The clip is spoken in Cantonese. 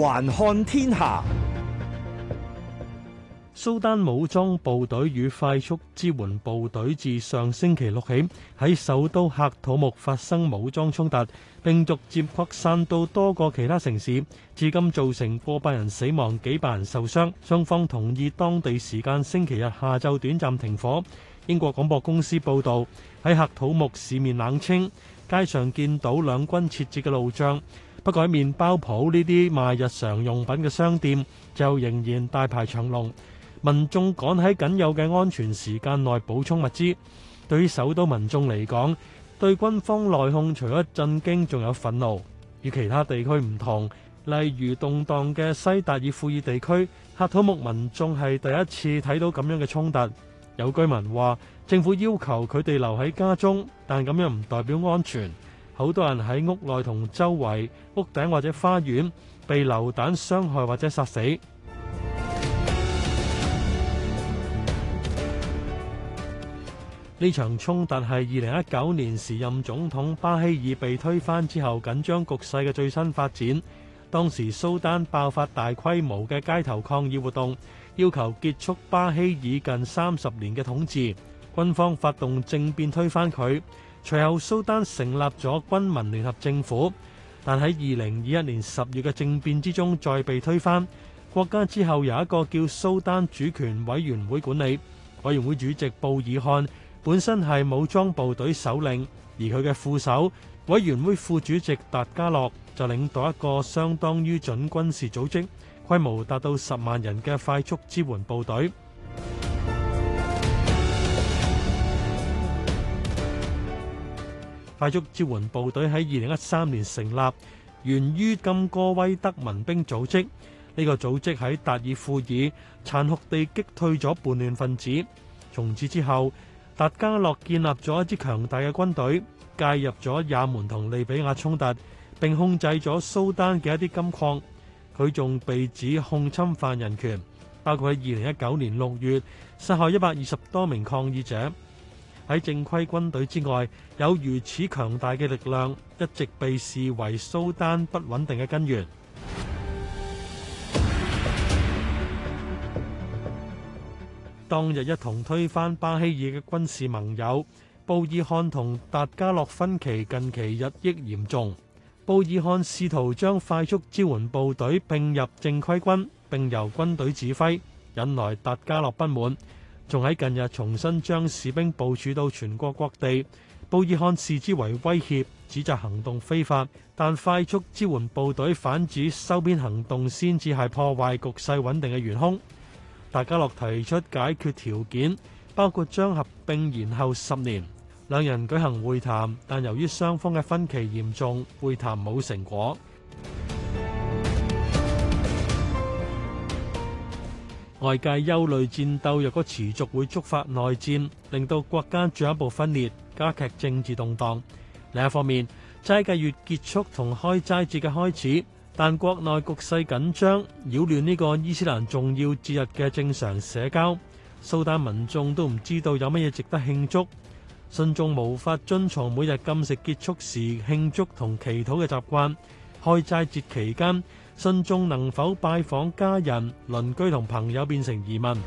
環看天下，蘇丹武裝部隊與快速支援部隊自上星期六起喺首都赫土木發生武裝衝突，並逐漸擴散到多個其他城市，至今造成過百人死亡、幾百人受傷。雙方同意當地時間星期日下晝短暫停火。英國廣播公司報道，喺赫土木市面冷清，街上見到兩軍設置嘅路障。不改麵包鋪呢啲賣日常用品嘅商店就仍然大排長龍，民眾趕喺僅有嘅安全時間內補充物資。對於首都民眾嚟講，對軍方內訌除咗震驚，仲有憤怒。與其他地區唔同，例如動盪嘅西達爾富爾地區，喀土穆民眾係第一次睇到咁樣嘅衝突。有居民話，政府要求佢哋留喺家中，但咁樣唔代表安全。好多人喺屋內同周圍屋頂或者花園被流彈傷害或者殺死。呢場衝突係二零一九年時任總統巴希爾被推翻之後緊張局勢嘅最新發展。當時蘇丹爆發大規模嘅街頭抗議活動，要求結束巴希爾近三十年嘅統治，軍方發動政變推翻佢。隨後，蘇丹成立咗軍民聯合政府。但喺2021年10月嘅政變之中，再被推翻。國家之後，有一個叫蘇丹主權委員會管理。委員會主席布爾漢本身係武裝部隊首領，而佢嘅副手，委員會副主席達加洛，就領導一個相當於準軍事組織，規模達到10萬人嘅快速支援部隊。快速支援部隊喺二零一三年成立，源於金戈威德民兵組織，呢、這個組織喺達爾富爾殘酷地擊退咗叛亂分子，從此之後，達加洛建立咗一支強大嘅軍隊，介入咗也門同利比亞衝突，並控制咗蘇丹嘅一啲金礦，佢仲被指控侵犯人權，包括喺二零一九年六月殺害一百二十多名抗議者。喺正規軍隊之外，有如此強大嘅力量，一直被視為蘇丹不穩定嘅根源。 當日一同推翻巴希爾嘅軍事盟友布爾漢同達加洛分歧，近期日益嚴重。布爾漢試圖將快速支援部隊並入正規軍，並由軍隊指揮，引來達加洛不滿。仲喺近日重新將士兵部署到全國各地，布爾漢視之為威脅，指責行動非法，但快速支援部隊反指收編行動先至係破壞局勢穩定嘅元凶。達加洛提出解決條件，包括將合併延後十年，兩人舉行會談，但由於雙方嘅分歧嚴重，會談冇成果。外界憂慮戰鬥若果持續會觸發內戰，令到國家進一步分裂，加劇政治動盪。另一方面，齋戒月結束同開齋節嘅開始，但國內局勢緊張，擾亂呢個伊斯蘭重要節日嘅正常社交。蘇丹民眾都唔知道有乜嘢值得慶祝，信眾無法遵從每日禁食結束時慶祝同祈禱嘅習慣。開齋節期間，信眾能否拜訪家人、鄰居同朋友變成疑問。